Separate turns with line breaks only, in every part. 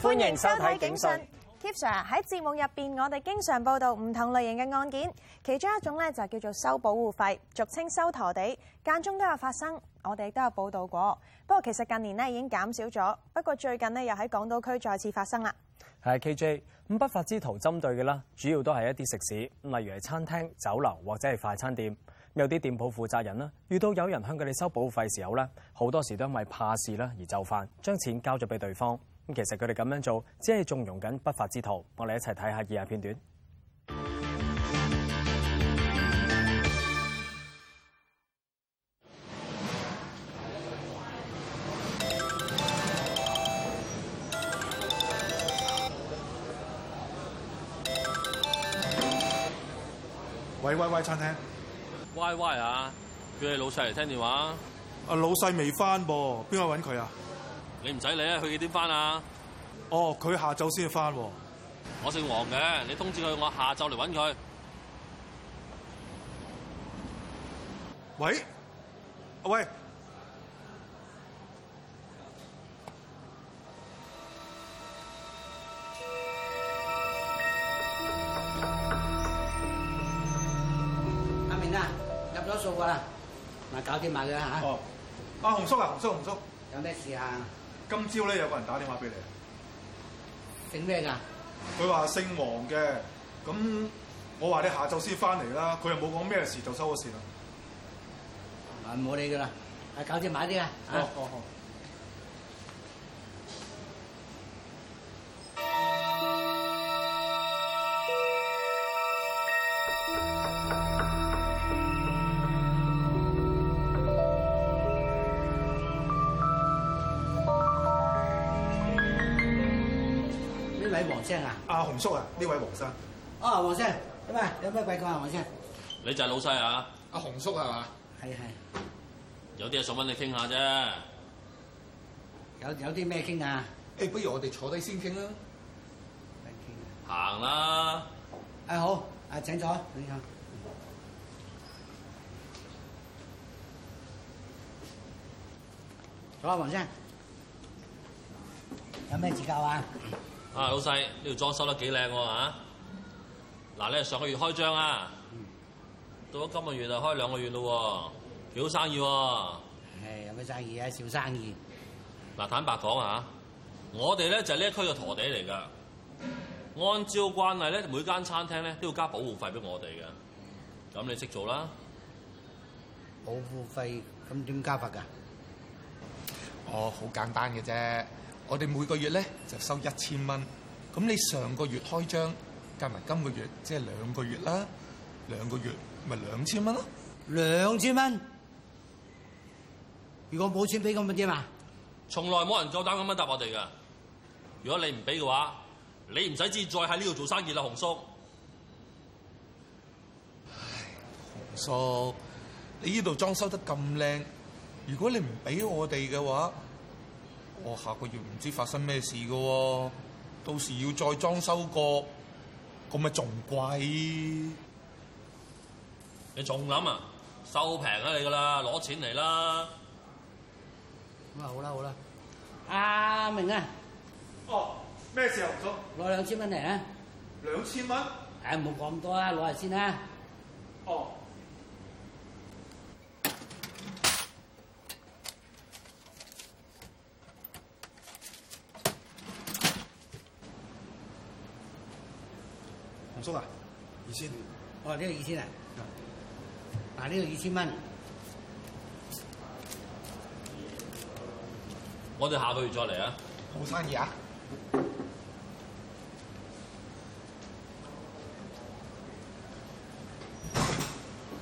歡迎收
睇警訊，Kip Sir，喺節目入邊，我哋經常報道唔同類型嘅案件，其中一種咧就叫做收保護費，俗稱收陀地，間中都有發生。我哋都有報道過，不過其實近年呢已經減少咗。不過最近呢又喺港島區再次發生啦。
係 K J 咁不法之徒針對嘅啦，主要都係一啲食肆，例如係餐廳、酒樓或者係快餐店。有啲店鋪負責人咧遇到有人向佢哋收保費時候咧，好多時都因為怕事啦而就範，將錢交咗俾對方。咁其實佢哋咁樣做只係縱容緊不法之徒。我哋一齊睇下以下片段。
喂喂餐廳，
喂喂啊，why, why? 叫你老細嚟聽電話。
啊，老細未翻噃，邊個揾佢啊？
你唔使理啊，佢幾點翻啊？
哦，佢下晝先翻。
我姓黃嘅，你通知佢，我下晝嚟揾佢。喂，啊，喂。搞
掂埋佢啦。哦，阿、啊、紅叔啊，紅叔，紅叔，有咩事啊？今朝咧，有個人打電話俾你，
姓咩噶、啊？
佢話姓黃嘅，咁我話你下晝先翻嚟啦，佢又冇講咩事就收咗線啦。啊，
唔好理佢啦，啊，搞掂埋啲啊！好、哦、好。
哦
黃生
啊，阿、啊、洪叔啊，呢位黃生。哦，黃生，
點啊？有咩鬼講
啊，黃生？你就係老細啊？阿、
啊、洪叔係嘛？係係。有啲嘢想問你傾下啫。
有有啲咩傾啊？誒、欸，不如我哋坐低先傾啊。
行啦。
啊、哎、好，
啊請坐，請坐。
好啊，黃生。有咩指教啊？嗯
啊，老細，呢度裝修得幾靚喎吓！嗱，你係上個月開張啊，嗯、到咗今個月就開兩個月咯，幾好生意喎、啊！誒，有咩生意啊？小生意。嗱、啊，坦白講啊，我哋咧就係呢一區嘅陀地嚟㗎。按照慣例咧，每間餐廳咧都要加保護費俾我哋嘅。咁你識做啦？
保護費
咁點加法㗎？哦，好簡單嘅啫。我哋每個月咧就收一千蚊，咁你上個月開張，計埋今個月，即係兩個月啦，兩個月咪兩千蚊咯。兩千蚊，如果冇錢俾咁點啊？
從來冇人夠膽咁樣答我哋㗎。如果你唔俾嘅話，你唔使旨意再喺呢度做生意啦，紅叔。
唉，紅叔，你呢度裝修得咁靚，如果你唔俾我哋嘅話，我、哦、下個月唔知發生咩事噶，哦，到時要再裝修過，咁咪仲貴。
你仲諗啊？收平，嗯、啊你噶啦，攞錢嚟啦。
咁啊好啦好啦，阿明啊，
哦，咩時候唔叔？攞兩千蚊嚟啊！兩千蚊？唉，哎，唔好講咁
多拿啊，攞嚟先啦。
哦。
叔啊，二千，我
話
呢個二千，嗯、啊，嗱
呢個二千蚊，我哋下個月再嚟啊，
好生意啊。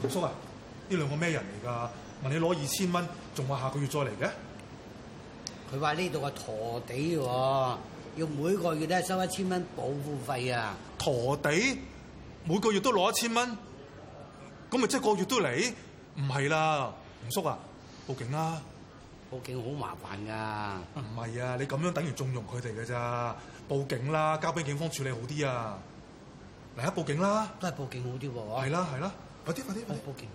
叔啊，呢兩個咩人嚟㗎？問你攞二千蚊，仲話下個月再嚟嘅，佢話呢度係陀地喎。
要每個月都係收一千蚊保護費啊！
陀地每個月都攞一千蚊，咁咪即係個月都嚟？唔係啦，吳叔啊，報警啦！報警好麻煩㗎。唔係啊，你咁樣等於縱容佢哋㗎咋？報警啦，交俾警方處理好啲啊！嚟啊，報警啦！
都係報警好啲喎。係啦，係啦，快啲，快啲，快啲報警！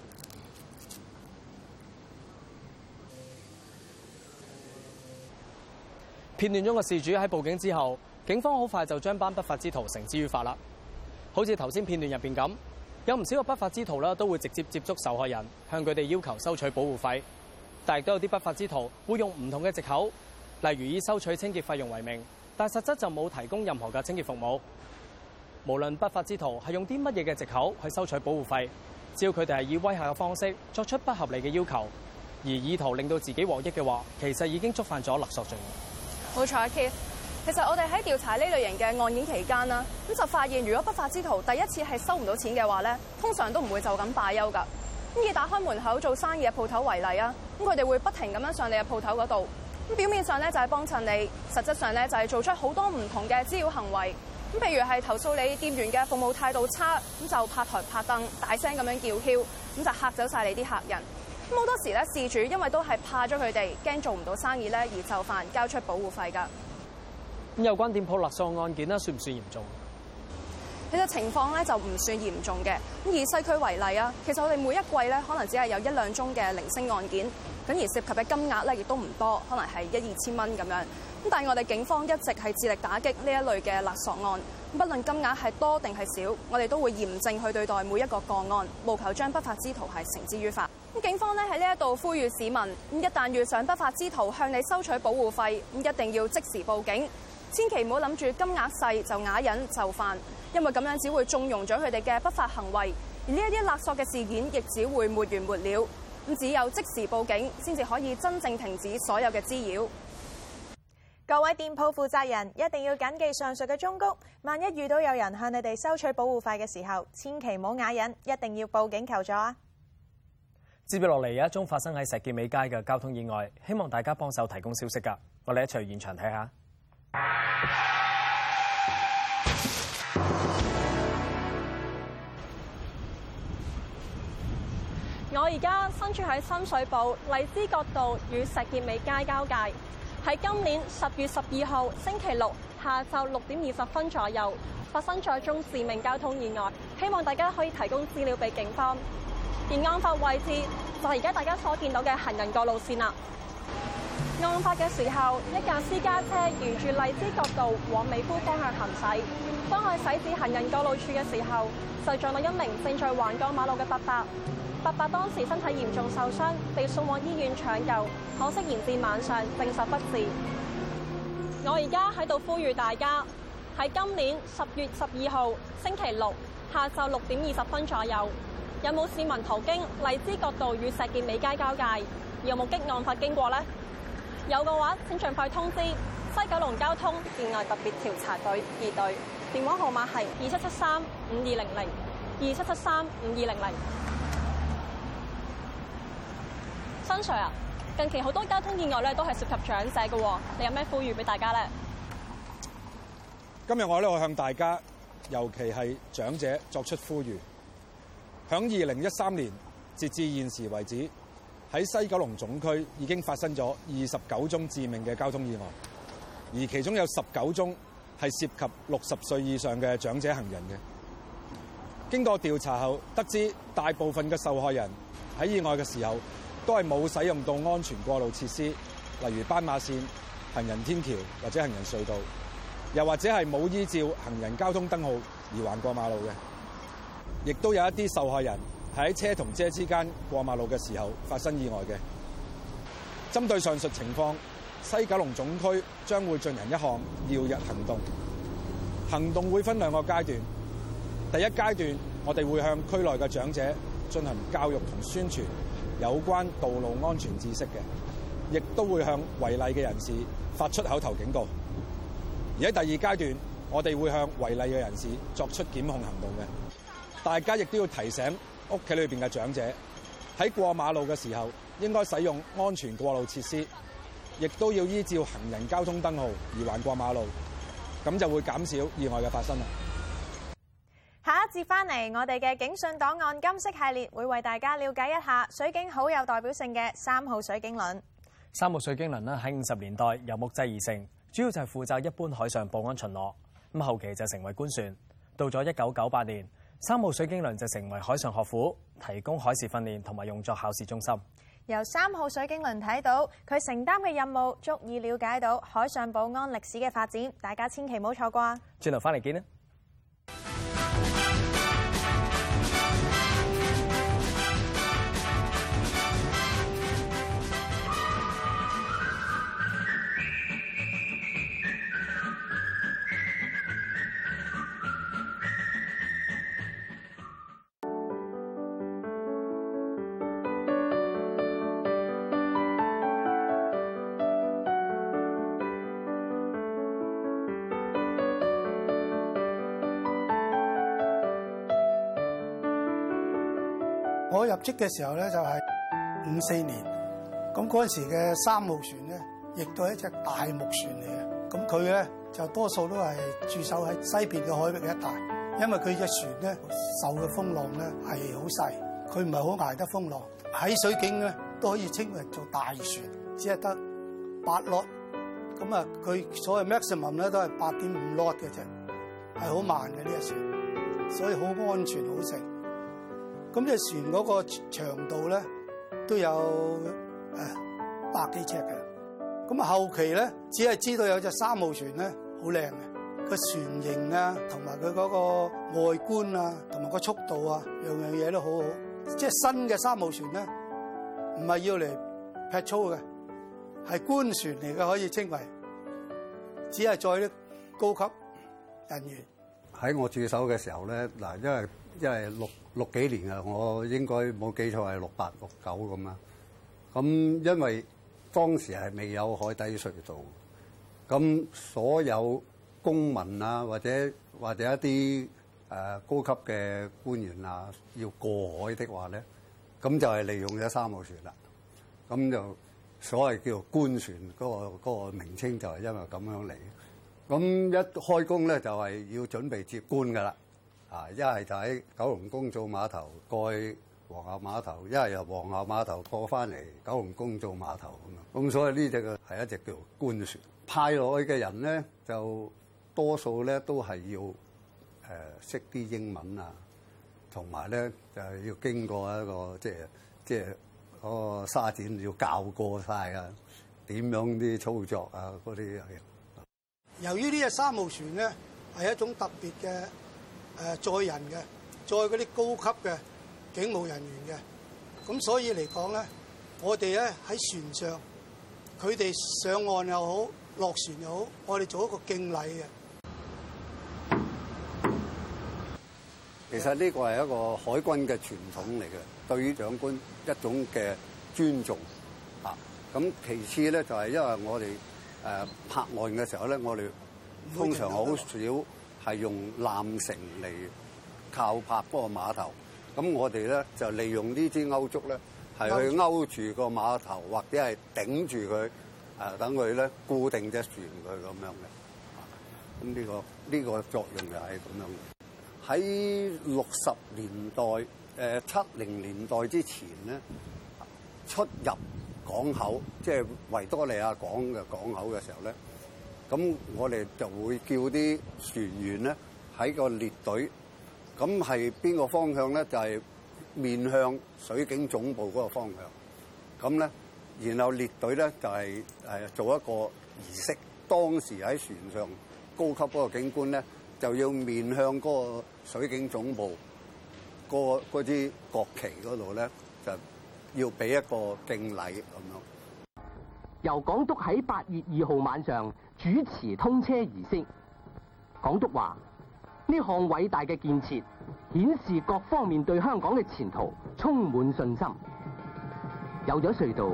片段中嘅事主喺報警之後，警方好快就將班不法之徒繩之於法啦。好似頭先片段入邊咁，有唔少嘅不法之徒啦都會直接接觸受害人，向佢哋要求收取保護費，但係都有啲不法之徒會用唔同嘅借口，例如以收取清潔費用為名，但實質就冇提供任何嘅清潔服務，無論不法之徒係用啲乜嘢嘅借口去收取保護費，只要佢哋係以威嚇嘅方式作出不合理嘅要求，而意圖令到自己獲益嘅話，其實已經觸犯咗勒索罪。
冇錯，阿 K，其實我哋喺調查呢類型嘅案件期間啦，咁就發現，如果不法之徒第一次係收唔到錢嘅話咧，通常都唔會就咁罷休㗎。咁以打開門口做生意嘅鋪頭為例啊，咁佢哋會不停咁樣上你嘅鋪頭嗰度，咁表面上咧就係幫襯你，實質上咧就係做出好多唔同嘅滋擾行為。咁譬如係投訴你店員嘅服務態度差，咁就拍台拍凳，大聲咁樣叫囂，咁就嚇走晒你啲客人。咁好多時咧，事主因為都係怕咗佢哋，驚做唔到生意咧，而就範交出保護費噶。咁
有關店鋪勒索案件咧，算唔算嚴重？
其實情況咧就唔算嚴重嘅。咁以西區為例啊，其實我哋每一季咧可能只係有一兩宗嘅零星案件，咁而涉及嘅金額咧亦都唔多，可能係一二千蚊咁樣。咁但係我哋警方一直係致力打擊呢一類嘅勒索案，不論金額係多定係少，我哋都會嚴正去對待每一個個案，務求將不法之徒係繩之於法。警方咧喺呢一度呼籲市民，咁一旦遇上不法之徒向你收取保護費，咁一定要即時報警，千祈唔好諗住金額細就啞忍就犯，因為咁樣只會縱容咗佢哋嘅不法行為，而呢一啲勒索嘅事件亦只會沒完沒了。咁只有即時報
警，先至可以真正停止所有嘅滋擾。各位店鋪負責人一定要謹記上述嘅忠告，萬一遇到有人向你哋收取保護費嘅時候，千祈唔好啞忍，一定要報警求助啊！
接住落嚟有一宗發生喺石硤尾街嘅交通意外，希望大家幫手提供消息㗎。我哋一齊去現場睇下。
我而家身處喺深水埗荔枝角道與石硤尾街交界。喺今年十月十二號星期六下晝六點二十分左右，發生咗一宗致命交通意外。希望大家可以提供資料俾警方。而案發位置就係而家大家所見到嘅行人過路綫啦。案發嘅時候，一架私家車沿住荔枝角道往美孚方向行駛，當佢駛至行人過路處嘅時候，就撞到一名正在橫過馬路嘅伯伯。伯伯當時身體嚴重受傷，被送往醫院搶救，可惜延至晚上證實不治。我而家喺度呼籲大家，喺今年十月十二號星期六下晝六點二十分左右。有冇市民途經荔枝角道與石硤尾街交界，而有目擊案發經過呢？有嘅話，請盡快通知西九龍交通意外特別調查隊二隊，電話號碼係二七七三五二零零二七七三五二零零。新 Sir 啊，近期好多交通意外咧，都係涉及長者嘅，你有咩呼籲俾大家咧？
今日我咧，我向大家，尤其係長者，作出呼籲。響二零一三年截至現時為止，喺西九龍總區已經發生咗二十九宗致命嘅交通意外，而其中有十九宗係涉及六十歲以上嘅長者行人嘅。經過調查後，得知大部分嘅受害人喺意外嘅時候都係冇使用到安全過路設施，例如斑馬線、行人天橋或者行人隧道，又或者係冇依照行人交通燈號而橫過馬路嘅。亦都有一啲受害人喺車同車之間過馬路嘅時候發生意外嘅。針對上述情況，西九龍總區將會進行一項耀日行動。行動會分兩個階段。第一階段，我哋會向區內嘅長者進行教育同宣傳有關道路安全知識嘅，亦都會向違例嘅人士發出口頭警告。而喺第二階段，我哋會向違例嘅人士作出檢控行動嘅。大家亦都要提醒屋企裏邊嘅長者喺過馬路嘅時候，應該使用安全過路設施，亦都要依照行人交通燈號而橫過馬路，咁就會減少意外嘅發生啦。
下一節翻嚟，我哋嘅警訊檔案金色系列會為大家了解一下水警好有代表性嘅三號水警輪。
三號水警輪咧喺五十年代由木製而成，主要就係負責一般海上保安巡邏，咁後期就成為官船。到咗一九九八年。三號水警輪就成為海上學府，提供海事訓練同埋用作考試中心。
由三號水警輪睇到，佢承擔嘅任務足以了解到海上保安歷史嘅發展。大家千祈唔好錯過啊！
轉頭翻嚟見啦。
入職嘅時候咧就係五四年，咁嗰陣時嘅三號船咧亦都係一隻大木船嚟嘅，咁佢咧就多數都係駐守喺西邊嘅海域嘅一帶，因為佢隻船咧受嘅風浪咧係好細，佢唔係好捱得風浪，喺水警咧都可以稱為做大船，只係得八落。咁啊佢所謂 maximum 咧都係八點五落嘅啫，係好慢嘅呢隻船，所以好安全好靜。咁隻船嗰個長度咧都有誒百幾尺嘅，咁後期咧只係知道有隻三號船咧好靚嘅，個船型啊同埋佢嗰個外觀啊同埋個速度啊樣樣嘢都好好，即係新嘅三號船咧唔係要嚟劈粗嘅，係官船嚟嘅，可以稱為只係載啲高級人員。
喺我駐守嘅時候咧嗱，因為因為六六幾年啊，我應該冇記錯，係六八六九咁啊。咁因為當時係未有海底隧道，咁所有公民啊，或者或者一啲誒、呃、高級嘅官員啊，要過海的話咧，咁就係利用咗三號船啦。咁就所謂叫做官船，嗰個嗰個名稱就係因為咁樣嚟。咁一開工咧就係、是、要準備接官噶啦。啊！一係就喺九龍公做碼頭，過去皇后碼頭，一係由皇后碼頭過翻嚟九龍公做碼頭咁樣。咁所以呢隻嘅係一隻叫做官船，派落去嘅人咧，就多數咧都係要誒識啲英文啊，同埋咧就係要經過一個即係即係嗰個沙展要教過晒啊，點樣啲操作啊。嗰啲
由
於呢隻三號船咧係一種特別嘅。誒載人嘅，載嗰啲高級嘅警務人員嘅，咁所以嚟講咧，我哋咧喺船上，佢哋上岸又好，落船又好，我哋做一個敬禮嘅。
其實呢個係一個海軍嘅傳統嚟嘅，對於長官一種嘅尊重啊。咁其次咧就係因為我哋誒泊岸嘅時候咧，我哋通常好少。係用纜繩嚟靠泊嗰個碼頭，咁我哋咧就利用呢支鈎竹咧，係去勾住個碼頭或者係頂住佢，誒等佢咧固定隻船佢咁樣嘅。咁呢個呢個作用就係咁樣。喺六十年代、誒七零年代之前咧，出入港口，即係維多利亞港嘅港口嘅時候咧。咁我哋就會叫啲船員咧喺個列隊，咁係邊個方向咧？就係、係、面向水警總部嗰個方向。咁咧，然後列隊咧就係誒做一個儀式。當時喺船上高級嗰個警官咧，就要面向嗰個水警總部、嗰個嗰啲國旗嗰度咧，就要俾一個敬禮咁樣。
由港督喺八月二號晚上主持通車儀式，港督話：呢項偉大嘅建設顯示各方面對香港嘅前途充滿信心。有咗隧道，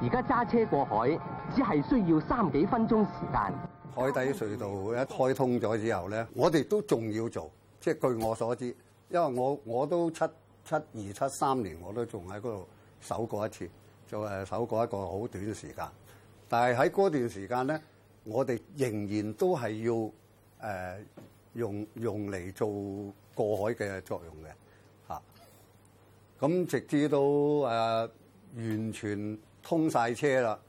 而家揸車過海只係需要三幾分鐘時間。
海底隧道一開通咗之後咧，我哋都仲要做。即係據我所知，因為我我都七七二七三年，我都仲喺嗰度守過一次，就係守過一個好短時間。但係喺嗰段時間咧。我哋仍然都係要誒、呃、用用嚟做過海嘅作用嘅，嚇、啊。咁直至到誒、呃、完全通晒車啦，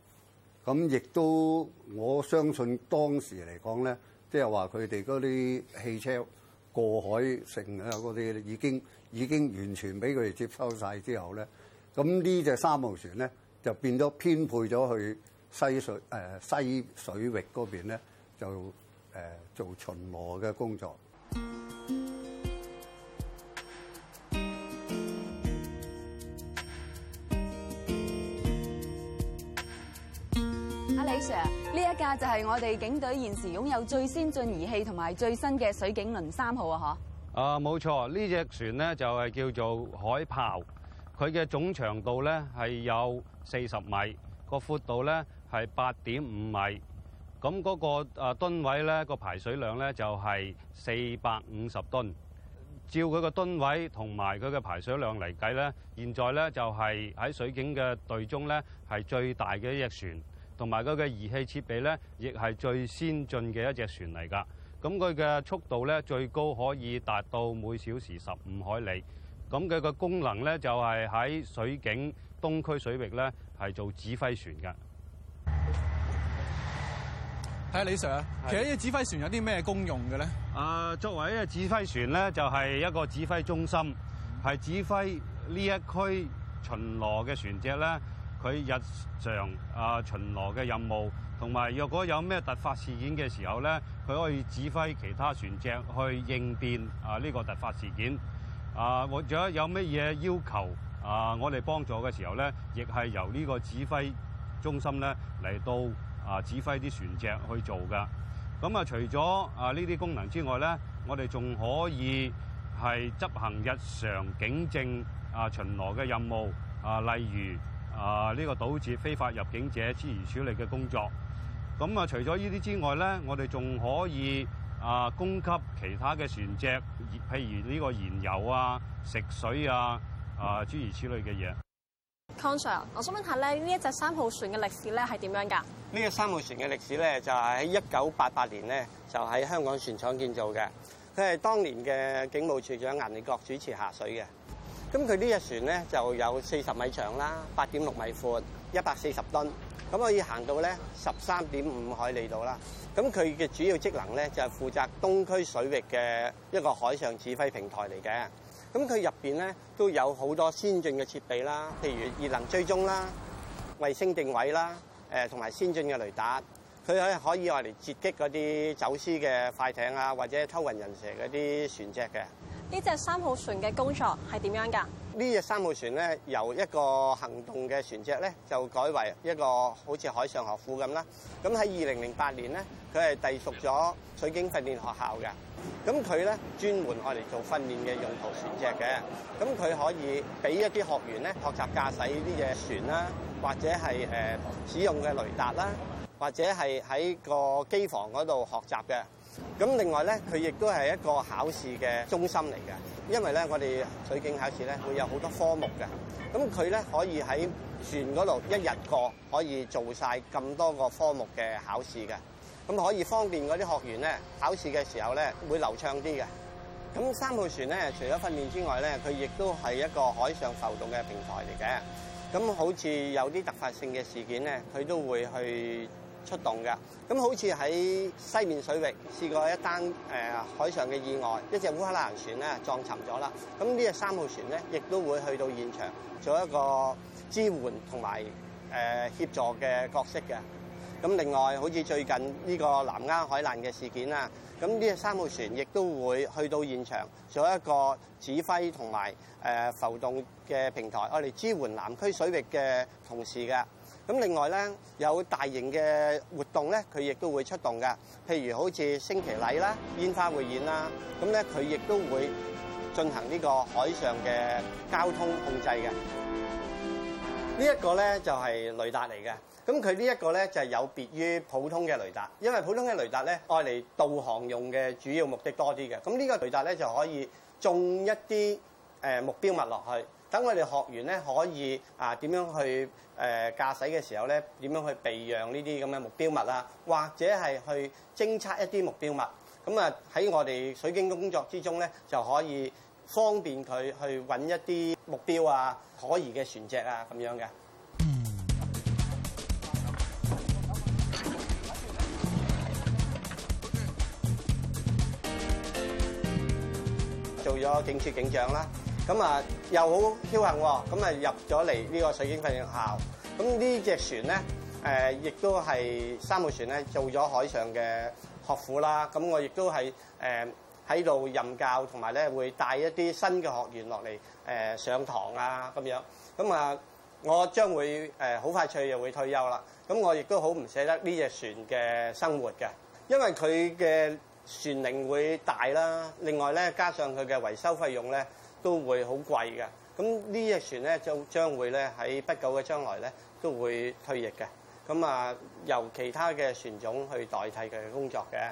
咁亦都我相信當時嚟講咧，即係話佢哋嗰啲汽車過海性啊嗰啲已經已經完全俾佢哋接收晒之後咧，咁呢隻三號船咧就變咗編配咗去。西水誒、啊、西水域嗰邊咧，就誒、啊、做巡邏嘅工作。
阿李 Sir，呢一架就係我哋警隊現時擁有最先進儀器同埋最新嘅水警輪三號啊！嗬，
啊冇錯，呢隻船咧就係、是、叫做海豹，佢嘅總長度咧係有四十米，個闊度咧。係八點五米，咁嗰個誒噸位咧，個排水量咧就係四百五十噸。照佢個噸位同埋佢嘅排水量嚟計咧，現在咧就係、是、喺水警嘅隊中咧係最大嘅一隻船，同埋佢嘅儀器設備咧亦係最先進嘅一隻船嚟㗎。咁佢嘅速度咧最高可以達到每小時十五海里。咁佢嘅功能咧就係、是、喺水警東區水域咧係做指揮船㗎。睇下李 Sir 啊，其實呢個指揮船有啲咩功用嘅咧？啊，作為一個指揮船咧，就係一個指揮中心，係指揮呢一區巡邏嘅船隻咧。佢日常啊巡邏嘅任務，同埋若果有咩突發事件嘅時候咧，佢可以指揮其他船隻去應變啊呢個突發事件。啊，或者有乜嘢要求啊，我哋幫助嘅時候咧，亦係由呢個指揮中心咧嚟到。啊！指揮啲船隻去做噶咁啊除咗啊呢啲功能之外咧，我哋仲可以係執行日常警政啊巡邏嘅任務啊，例如啊呢個堵截非法入境者、諸如此類嘅工作。咁啊除咗呢啲之外咧，我哋仲可以啊供給其他嘅船隻，譬如呢個燃油啊、食
水啊啊諸如此類嘅嘢。
Sir，我想問下咧，呢一隻三號船嘅歷史咧係點樣㗎？
呢隻三號船嘅歷史咧，就係喺一九八八年咧，就喺香港船廠建造嘅。佢係當年嘅警務處長顏利國主持下水嘅。咁佢呢隻船咧就有四十米長啦，八點六米闊，一百四十噸。咁可以行到咧十三點五海里度啦。咁佢嘅主要職能咧就係負責東區水域嘅一個海上指揮平台嚟嘅。咁佢入面咧都有好多先進嘅設備啦，譬如熱能追蹤啦、衛星定位啦、誒同埋先進嘅雷達。佢可以可以愛嚟截擊嗰啲走私嘅快艇啊，或者偷運人蛇嗰啲船隻嘅。
呢隻三號船嘅工作係點樣噶？呢
隻三號船咧，由一個行動嘅船隻咧，就改為一個好似海上學府咁啦。咁喺二零零八年咧，佢係隸屬咗水警訓練學校嘅。咁佢咧專門愛嚟做訓練嘅用途船隻嘅。咁佢可以俾一啲學員咧學習駕駛呢隻船啦、啊，或者係、呃、使用嘅雷達啦、啊。或者係喺個機房嗰度學習嘅，咁另外咧，佢亦都係一個考試嘅中心嚟嘅。因為咧，我哋水警考試咧會有好多科目嘅，咁佢咧可以喺船嗰度一日過，可以做晒咁多個科目嘅考試嘅，咁可以方便嗰啲學員咧考試嘅時候咧會流暢啲嘅。咁三號船咧，除咗訓練之外咧，佢亦都係一個海上浮動嘅平台嚟嘅。咁好似有啲突發性嘅事件咧，佢都會去，出動嘅，咁好似喺西面水域試過一單誒海上嘅意外，一隻烏克蘭船咧撞沉咗啦。咁呢隻三號船咧，亦都會去到現場做一個支援同埋誒協助嘅角色嘅。咁另外，好似最近呢個南丫海難嘅事件啊，咁呢隻三號船亦都會去到現場做一個指揮同埋誒浮動嘅平台，我哋支援南區水域嘅同事嘅。咁另外咧，有大型嘅活動咧，佢亦都會出動㗎。譬如好似升旗禮啦、煙花匯演啦，咁咧佢亦都會進行呢個海上嘅交通控制嘅。呢一個咧就係雷達嚟嘅。咁佢呢一個咧就係有別於普通嘅雷達，因為普通嘅雷達咧愛嚟導航用嘅主要目的多啲嘅。咁呢個雷達咧就可以種一啲誒目標物落去。等我哋學員咧，可以啊點樣去誒駕駛嘅時候咧，點樣去避讓呢啲咁嘅目標物啊，或者係去偵測一啲目標物，咁啊喺我哋水警嘅工作之中咧，就可以方便佢去揾一啲目標啊可疑嘅船隻啊咁樣嘅。嗯，做咗警署警長啦。咁啊，又好僥幸喎，咁啊入咗嚟呢個水警訓練學校。咁呢隻船咧，誒亦都係三號船咧，做咗海上嘅學府啦。咁我亦都係誒喺度任教，同埋咧會帶一啲新嘅學員落嚟誒上堂啊咁樣。咁啊，我將會誒好快脆又會退休啦。咁我亦都好唔捨得呢隻船嘅生活嘅，因為佢嘅船齡會大啦，另外咧加上佢嘅維修費用咧。都會好貴嘅，咁呢隻船咧就將會咧喺不久嘅將來咧都會退役嘅，咁啊由其他嘅船種去代替佢嘅工作嘅。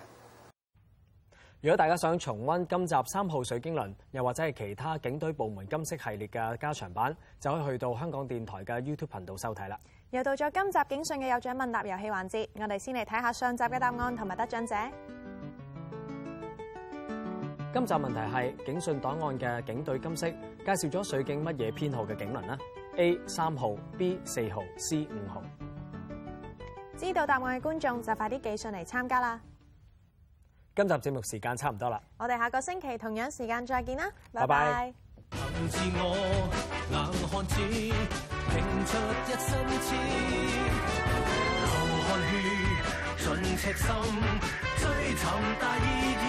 如果大家想重溫今集《三號水晶輪水警輪》，又或者係其他警隊部門今昔系列嘅加長版，就可以去到香港電台嘅 YouTube 頻道收睇啦。
又到咗今集警訊嘅有獎問答遊戲環節，我哋先嚟睇下上集嘅答案同埋得獎者。
今集問題係警訊檔案嘅警隊今昔介紹咗水警乜嘢編號嘅警輪呢？A 三號、B 四號、C 五號。
知道答案嘅觀眾就快啲寄信嚟參加啦！
今集節目時間差唔多啦，
我哋下個星期同樣時間再見啦，拜拜，
拜
拜。